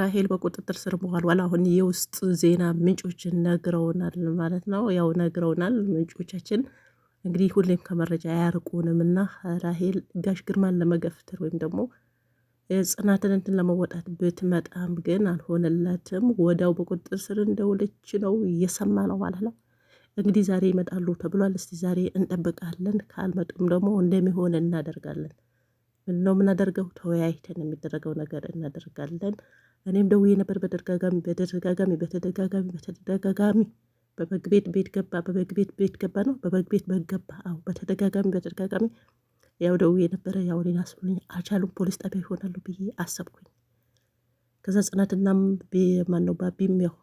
ራሄል በቁጥጥር ስር መዋሏን አሁን የውስጥ ዜና ምንጮችን ነግረውናል ማለት ነው። ያው ነግረውናል ምንጮቻችን እንግዲህ ሁሌም ከመረጃ አያርቁንም እና ራሄል ጋሽ ግርማን ለመገፍትር ወይም ደግሞ ጽናትን እንትን ለመወጣት ብትመጣም ግን አልሆነላትም። ወዲያው በቁጥጥር ስር እንደውለች ነው እየሰማ ነው ማለት ነው። እንግዲህ ዛሬ ይመጣሉ ተብሏል። እስቲ ዛሬ እንጠብቃለን። ካልመጡም ደግሞ እንደሚሆን እናደርጋለን። ምን ነው የምናደርገው። ተወያይተን የሚደረገው ነገር እናደርጋለን። እኔም ደውዬ ነበር በተደጋጋሚ በተደጋጋሚ በተደጋጋሚ በተደጋጋሚ በበግ ቤት ቤት ገባ፣ በበግ ቤት ቤት ገባ ነው፣ በበግ ቤት በግ ገባ። አዎ በተደጋጋሚ በተደጋጋሚ ያው ደውዬ ነበረ። ያው እኔን አስብሎኝ አልቻሉም። ፖሊስ ጣቢያ ይሆናሉ ብዬ አሰብኩኝ። ከዛ ጽናትና ማነው ባቢም ያው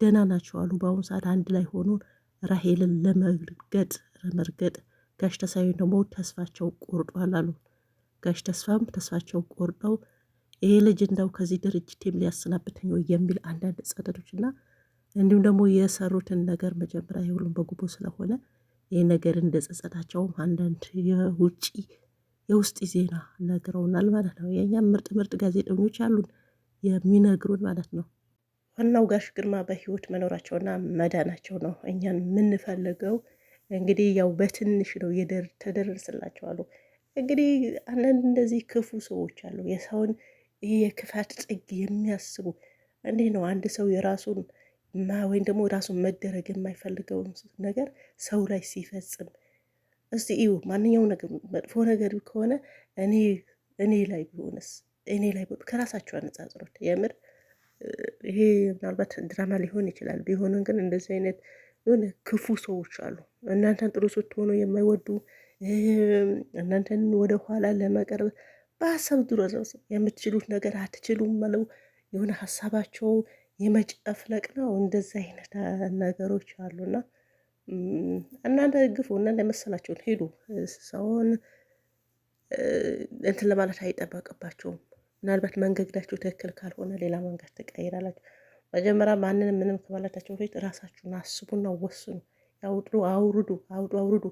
ደህና ናቸው አሉ። በአሁኑ ሰዓት አንድ ላይ ሆኖ ራሄልን ለመርገጥ ለመርገጥ ጋሽ ተሳዩን ደግሞ ተስፋቸው ቆርጧል አሉ። ጋሽ ተስፋም ተስፋቸው ቆርጠው ይሄ ልጅ እንደው ከዚህ ድርጅቴም ሊያሰናብተኝ ወይ የሚል አንዳንድ ጸጠቶች እና እንዲሁም ደግሞ የሰሩትን ነገር መጀመሪያ የሁሉም በጉቦ ስለሆነ ይህ ነገር እንደ ጸጸታቸውም አንዳንድ የውጭ የውስጥ ዜና ነግረውናል ማለት ነው። የእኛም ምርጥ ምርጥ ጋዜጠኞች አሉን የሚነግሩን ማለት ነው። ዋናው ጋሽ ግርማ በህይወት መኖራቸውና መዳናቸው ነው። እኛን የምንፈልገው እንግዲህ ያው በትንሽ ነው ተደረስላቸዋሉ። እንግዲህ አንዳንድ እንደዚህ ክፉ ሰዎች አሉ። የሰውን ይሄ የክፋት ጥግ የሚያስቡ እንዴ ነው አንድ ሰው የራሱን ወይም ደግሞ ራሱን መደረግ የማይፈልገውን ነገር ሰው ላይ ሲፈጽም እስቲ እዩ። ማንኛው ነገር መጥፎ ነገር ከሆነ እኔ እኔ ላይ ቢሆንስ እኔ ላይ ከራሳቸው አነጻጽሮት የምር ይሄ ምናልባት ድራማ ሊሆን ይችላል። ቢሆንም ግን እንደዚህ አይነት የሆነ ክፉ ሰዎች አሉ። እናንተን ጥሩ ስትሆኑ የማይወዱ እናንተን ወደ ኋላ ለመቀርብ በሀሳብ ድረስ የምትችሉት ነገር አትችሉም ብለው የሆነ ሀሳባቸው የመጨፍለቅ ነው። እንደዚህ አይነት ነገሮች አሉና እናንተ ግፉ፣ እናንተ የመሰላቸውን ሄዱ። ሰውን እንትን ለማለት አይጠበቅባቸውም። ምናልባት መንገዳችሁ ትክክል ካልሆነ ሌላ መንገድ ትቀይራላችሁ። መጀመሪያ ማንንም ምንም ከማለታቸው በፊት ራሳችሁን አስቡና ወስኑ። ያውጡ አውርዱ፣ አውጡ አውርዱ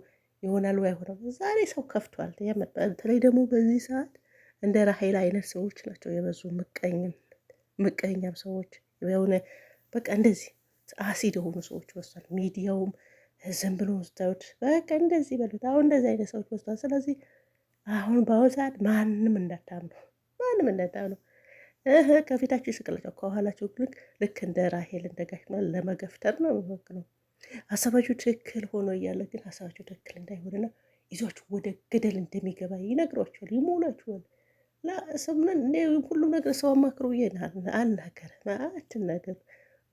ይሆናል ወይ አይሆንም። ዛሬ ሰው ከፍቷል። በተለይ ደግሞ በዚህ ሰዓት እንደ ራሄል አይነት ሰዎች ናቸው የበዙ። ምቀኝም ምቀኛም ሰዎች የሆነ በቃ እንደዚህ አሲድ የሆኑ ሰዎች በዝቷል። ሚዲያውም ዝም ብሎ ስታዩት በቃ እንደዚህ በሉት። አሁን እንደዚህ አይነት ሰዎች በዝቷል። ስለዚህ አሁን በአሁኑ ሰዓት ማንም እንዳታምኑ፣ ማንም እንዳታምኑ። ከፊታችሁ ይስቅላቸው፣ ከኋላችሁ ግን ልክ እንደ ራሄል እንደ ጋሽ ለመገፍተር ነው የሚሞክረው። ሀሳባቸው ትክክል ሆኖ እያለ ግን ሀሳባቸው ትክክል እንዳይሆንና ይዟችሁ ወደ ገደል እንደሚገባ ይነግሯቸዋል። ይመሆናችኋል ሁሉም ነገር ሰው አማክሮ አናገር አትናገር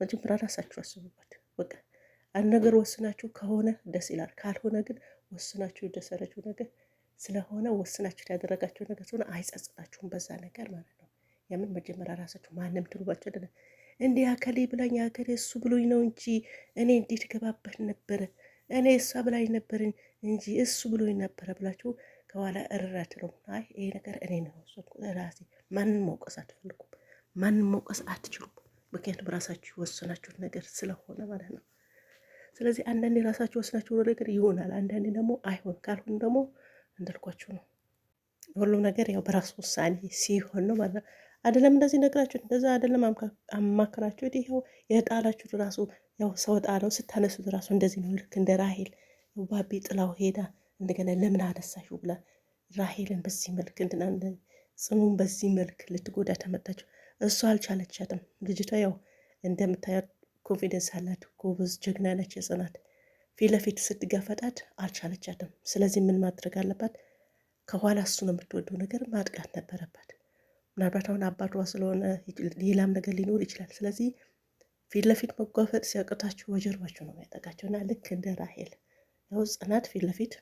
መጀመሪያ ራሳችሁ አስቡበት። በቃ አንድ ነገር ወስናችሁ ከሆነ ደስ ይላል። ካልሆነ ግን ወስናችሁ የደሰረችው ነገር ስለሆነ ወስናችሁ ያደረጋቸው ነገር ስለሆነ አይጸጽታችሁም በዛ ነገር ማለት ነው። ያምን መጀመሪያ ራሳችሁ ማንም ትሉባቸው እንዲህ አከሌ ብላኝ አከሌ እሱ ብሎኝ ነው እንጂ እኔ እንዴት ገባበት ነበረ እኔ እሷ ብላኝ ነበርን እንጂ እሱ ብሎኝ ነበረ ብላችሁ ከኋላ እርራት ነው። አይ ይሄ ነገር እኔ ነው ራሴ። ማንን መውቀስ አትፈልጉም፣ ማንን መውቀስ አትችሉም። ምክንያቱም ራሳችሁ የወሰናችሁት ነገር ስለሆነ ማለት ነው። ስለዚህ አንዳንዴ ራሳችሁ ወስናችሁ ነገር ይሆናል፣ አንዳንዴ ደግሞ አይሆን። ካልሆን ደግሞ እንዳልኳችሁ ነው። ሁሉም ነገር ያው በራሱ ውሳኔ ሲሆን ነው ማለት ነው። አደለም እንደዚህ ነግራችሁ እንደዛ አደለም አማክራችሁት፣ ይኸው የጣላችሁት ራሱ ያው ሰው ጣለው። ስታነሱት ራሱ እንደዚህ ነው። ልክ እንደ ራሄል ባቢ ጥላው ሄዳ እንደገና ለምን አነሳሽው ብላ ራሄልን በዚህ መልክ እንትና ጽኑን በዚህ መልክ ልትጎዳ ተመጣችሁ። እሷ አልቻለቻትም። ልጅቷ ያው እንደምታያት ኮንፊደንስ አላት፣ ጎበዝ ጀግና ነች። የጽናት ፊት ለፊት ስትጋፈጣት አልቻለቻትም። ስለዚህ ምን ማድረግ አለባት? ከኋላ እሱ ነው የምትወደው ነገር ማጥቃት ነበረባት። ምናልባት አሁን አባቷ ስለሆነ ሌላም ነገር ሊኖር ይችላል። ስለዚህ ፊት ለፊት መጓፈጥ ሲያቅታችሁ ወጀርባችሁ ነው የሚያጠቃቸው እና ልክ እንደ ራሄል ያው ጽናት ፊት ለፊት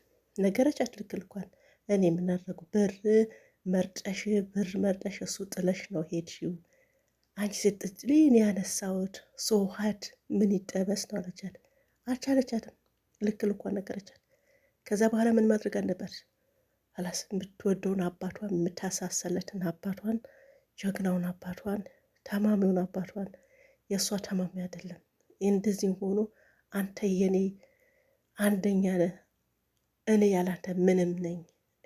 ነገረቻት። ልክ ልኳን እኔ የምናደረጉ ብር መርጠሽ ብር መርጠሽ እሱ ጥለሽ ነው ሄድሽው አንቺ ስትጥሊ እኔ ያነሳሁት ሶሀድ ምን ይጠበስ ነው አለቻት። አልቻለቻትም። ልክ ልኳን ነገረቻት። ከዛ በኋላ ምን ማድረግ አለባት? አላስ የምትወደውን አባቷን የምታሳሰለትን አባቷን ጀግናውን አባቷን ታማሚውን አባቷን የእሷ ታማሚ አይደለም። እንደዚህም ሆኖ አንተ የኔ አንደኛ ነህ፣ እኔ ያላንተ ምንም ነኝ፣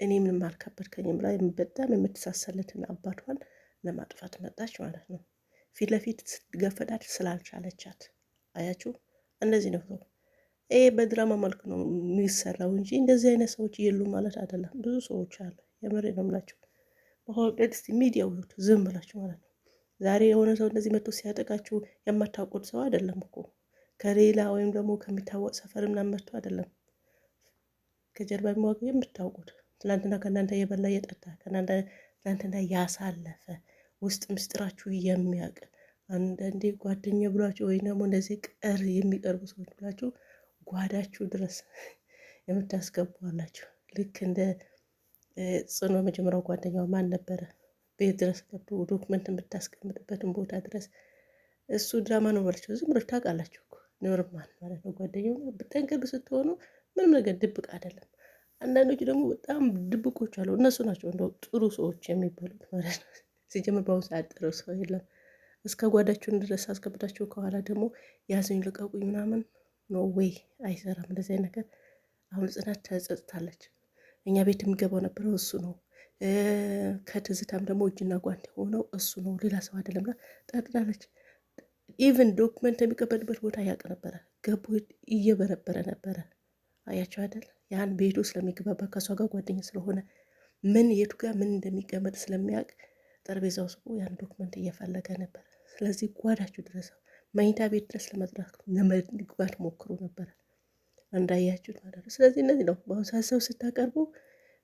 እኔ ምንም አልከበድከኝም ብላ በጣም የምትሳሰለትን አባቷን ለማጥፋት መጣች ማለት ነው። ፊት ለፊት ስትገፈዳት ስላልቻለቻት አያችሁ፣ እንደዚህ ነው። ይሄ በድራማ መልክ ነው የሚሰራው እንጂ እንደዚህ አይነት ሰዎች የሉም ማለት አይደለም። ብዙ ሰዎች አሉ። የምሬ ነው የምላቸው። ሚዲያ ሚዲያው ዝም ብላቸው ማለት ነው። ዛሬ የሆነ ሰው እንደዚህ መጥቶ ሲያጠቃችሁ የማታውቁት ሰው አይደለም እኮ ከሌላ ወይም ደግሞ ከሚታወቅ ሰፈር ምናምን መጥቶ አይደለም። ከጀርባ የሚዋጉ የምታውቁት ትናንትና ከእናንተ የበላ የጠጣ ትናንትና ያሳለፈ ውስጥ ምስጢራችሁ የሚያውቅ አንዳንዴ ጓደኛ ብሏችሁ ወይም ደግሞ እንደዚህ ቀር የሚቀርቡ ሰዎች ብላችሁ ጓዳችሁ ድረስ የምታስገቡ ልክ እንደ ጽኖ መጀመሪያው ጓደኛው ማን ነበረ? ቤት ድረስ ገብቶ ዶክመንት የምታስቀምጥበትን ቦታ ድረስ እሱ ድራማ ነው ባለችው። ዝም ብላችሁ ታውቃላችሁ ኖርማል ማለት ነው። ጓደኛው ጠንቅብ ስትሆኑ ምንም ነገር ድብቅ አይደለም። አንዳንዶች ደግሞ በጣም ድብቆች አሉ። እነሱ ናቸው እንደው ጥሩ ሰዎች የሚባሉት ማለት ነው። ሲጀምር በአሁኑ ሰዓት ጥሩ ሰው የለም። እስከ ጓዳችሁን ድረስ አስገብታችሁ ከኋላ ደግሞ ያዘኝ ልቀቁኝ ምናምን ኖ ዌይ አይሰራም እንደዚህ ነገር። አሁን ጽናት ተጸጽታለች። እኛ ቤት የሚገባው ነበረው እሱ ነው። ከትዝታም ደግሞ እጅና ጓንት የሆነው እሱ ነው፣ ሌላ ሰው አይደለምና ጠርጥራለች። ኢቨን ዶክመንት የሚቀበልበት ቦታ ያውቅ ነበረ፣ ገቡ እየበረበረ ነበረ። አያቸው አይደል? ያን ቤቱ ስለሚገባባ ከእሷ ጋር ጓደኛ ስለሆነ ምን የቱ ጋር ምን እንደሚቀመጥ ስለሚያውቅ ጠረጴዛው ያን ዶክመንት እየፈለገ ነበር። ስለዚህ ጓዳችሁ ድረሰው መኝታ ቤት ድረስ ለመጥራት ለመግባት ሞክሮ ነበረ እንዳያችሁት ማለት ነው። ስለዚህ እነዚህ ነው በአሁኑ ሰዓት ሰው ስታቀርቡ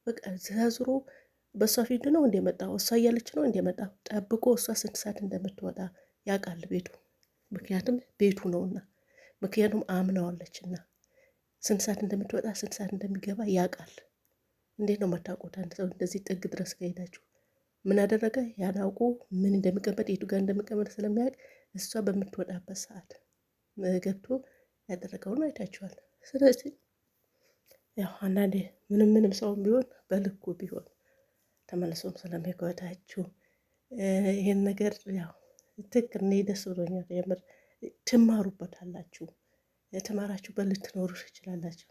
በቃ ዛዝሮ በእሷ ፊት ነው እንደመጣ እሷ እያለች ነው እንደመጣ ጠብቆ እሷ ስንት ሰዓት እንደምትወጣ ያውቃል ቤቱ ምክንያቱም ቤቱ ነውና ምክንያቱም አምናዋለችና ስንት ሰዓት እንደምትወጣ ስንት ሰዓት እንደሚገባ ያውቃል። እንዴት ነው መታቆት? አንድ ሰው እንደዚህ ጥግ ድረስ ከሄዳችሁ ምን አደረገ? ያናውቁ ምን እንደሚቀመጥ የቱ ጋር እንደሚቀመጥ ስለሚያውቅ እሷ በምትወጣበት ሰዓት ገብቶ ያደረገውን አይታችኋል። ስለዚህ ያው አንዳንዴ ምንም ምንም ሰውም ቢሆን በልኩ ቢሆን ተመልሶም ስለሚጎዳችሁ ይህን ነገር ያው ትክ እኔ ደስ ብሎኛል። የምር ትማሩበታላችሁ፣ ተማራችሁበት ልትኖሩ ትችላላችሁ።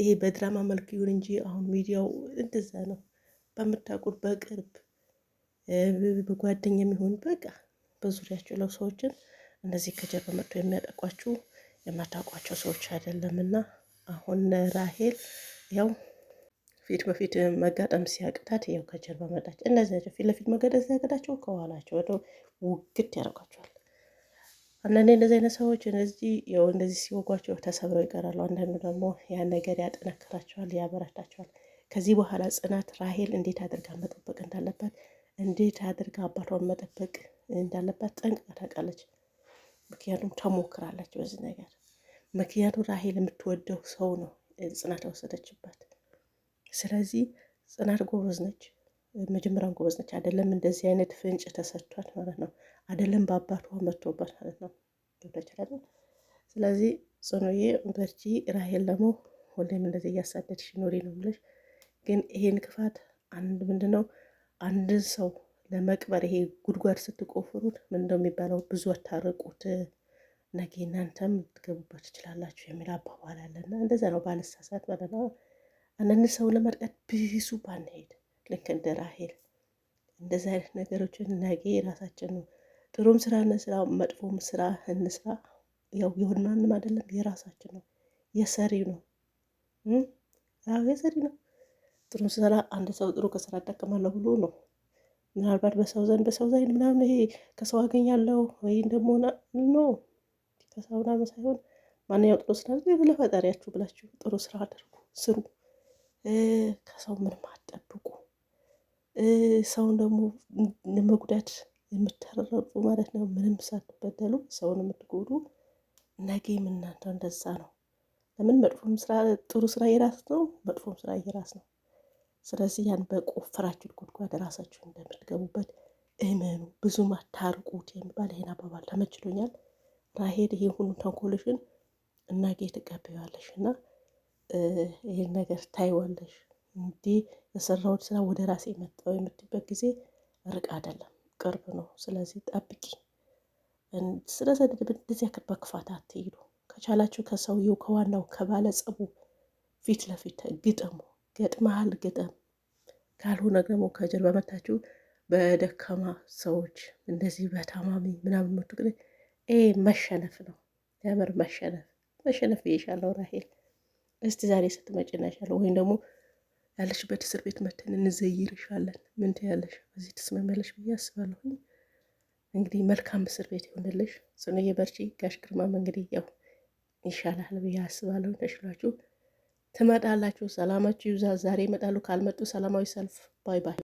ይሄ በድራማ መልክ ይሁን እንጂ አሁን ሚዲያው እንደዛ ነው። በምታውቁት በቅርብ በጓደኛ የሚሆን በቃ በዙሪያችሁ ያለው ሰዎችን እንደዚህ ከጀርባ መጥቶ የሚያጠቋችሁ የማታውቋቸው ሰዎች አይደለም እና አሁን ራሄል ያው ፊት በፊት መጋጠም ሲያቅታት ያው ከጀርባ መጣች። እነዚህ ናቸው ፊት ለፊት መጋጠም ሲያቅታቸው ከኋላቸው ወደ ውግት ያደርጓቸዋል። አንዳንዴ እንደዚህ አይነት ሰዎች እነዚህ ያው እንደዚህ ሲወጓቸው ተሰብረው ይቀራሉ። አንዳንዱ ደግሞ ያን ነገር ያጠነክራቸዋል፣ ያበረታቸዋል። ከዚህ በኋላ ጽናት ራሄል እንዴት አድርጋ መጠበቅ እንዳለባት እንዴት አድርጋ አባቷን መጠበቅ እንዳለባት ጠንቅቃ ታውቃለች። ምክንያቱም ተሞክራለች በዚህ ነገር። ምክንያቱም ራሄል የምትወደው ሰው ነው ጽናት የወሰደችባት። ስለዚህ ጽናት ጎበዝ ነች፣ መጀመሪያም ጎበዝ ነች። አይደለም እንደዚህ አይነት ፍንጭ ተሰጥቷት ማለት ነው። አይደለም በአባቷ መጥቶባት ማለት ነው። ስለዚህ ጽኑዬ በርቺ፣ ራሄል ደግሞ ሁሌም እንደዚህ እያሳደድሽ ኖሪ ነው የምልሽ። ግን ይሄን ክፋት አንድ ምንድነው አንድን ሰው ለመቅበር ይሄ ጉድጓድ ስትቆፍሩት ምን እንደሚባለው ብዙ አታርቁት፣ ነገ እናንተም ልትገቡበት ትችላላችሁ የሚል አባባል አለና እንደዛ ነው። ባልሳሳት ማለት ነው። አንዳንድ ሰው ለመርቀት ብዙ ባንሄድ ልክ እንደ ራሄል እንደዚህ አይነት ነገሮችን ነገ የራሳችን ነው። ጥሩም ስራ እንስራ፣ መጥፎም ስራ እንስራ፣ ያው የሆናንም አይደለም የራሳችን ነው። የሰሪ ነው፣ ያው የሰሪ ነው። ጥሩ ስራ አንድ ሰው ጥሩ ከስራ እጠቀማለሁ ብሎ ነው ምናልባት በሰው ዘንድ በሰው ዘንድ ምናምን ይሄ ከሰው አገኛለሁ ወይም ደግሞ ኖ ከሰው ምናምን ሳይሆን ማንኛው ጥሩ ስራ ለፈጣሪያችሁ ብላችሁ ጥሩ ስራ አድርጉ፣ ስሩ። ከሰው ምንም አትጠብቁ። ሰውን ደግሞ ለመጉዳት የምታረርቁ ማለት ነው። ምንም ሳትበደሉ ሰውን የምትጎዱ ነገም እናንተ እንደዛ ነው። ለምን መጥፎም ስራ ጥሩ ስራ የራስ ነው፣ መጥፎም ስራ የራስ ነው። ስለዚህ ያን በቆፈራችሁት ጉድጓድ ራሳችሁን እንደምትገቡበት እመኑ፣ ብዙም አታርቁት የሚባል ይሄን አባባል ተመችሎኛል። ራሄል ይሄ ሁሉ ተንኮልሽን እናጌ ጌ ትቀበያለሽ እና ይህን ነገር ታይዋለሽ። እንዲህ የሰራውን ስራ ወደ ራሴ መጣው የምትበት ጊዜ ርቅ አይደለም፣ ቅርብ ነው። ስለዚህ ጠብቂ። ስለዚህ እንደዚህ ያክል በክፋት አትሄዱ። ከቻላችሁ ከሰውየው ከዋናው ከባለጸቡ ፊት ለፊት ግጠሙ። ገጥመሃል ግጠም፣ ካልሆነ ደግሞ ከጀርባ መታችሁ በደካማ ሰዎች እንደዚህ በታማሚ ምናምን መቱ። ግን ይሄ መሸነፍ ነው። የምር መሸነፍ መሸነፍ ብዬሻለሁ ራሄል። እስቲ ዛሬ ስትመጪ እናይሻለን፣ ወይም ደግሞ ያለሽበት እስር ቤት መተን እንዘይርሻለን። ምን ትያለሽ? እዚህ ትስማሚያለሽ ብዬ አስባለሁ። እንግዲህ መልካም እስር ቤት ይሆንልሽ። ጽኑዬ በርቺ። ጋሽ ግርማም እንግዲህ ያው ይሻላል ብዬ አስባለሁ። ተሽሏችሁ ትመጣላችሁ። ሰላማችሁ ይብዛ። ዛሬ ይመጣሉ፣ ካልመጡ ሰላማዊ ሰልፍ። ባይ ባይ።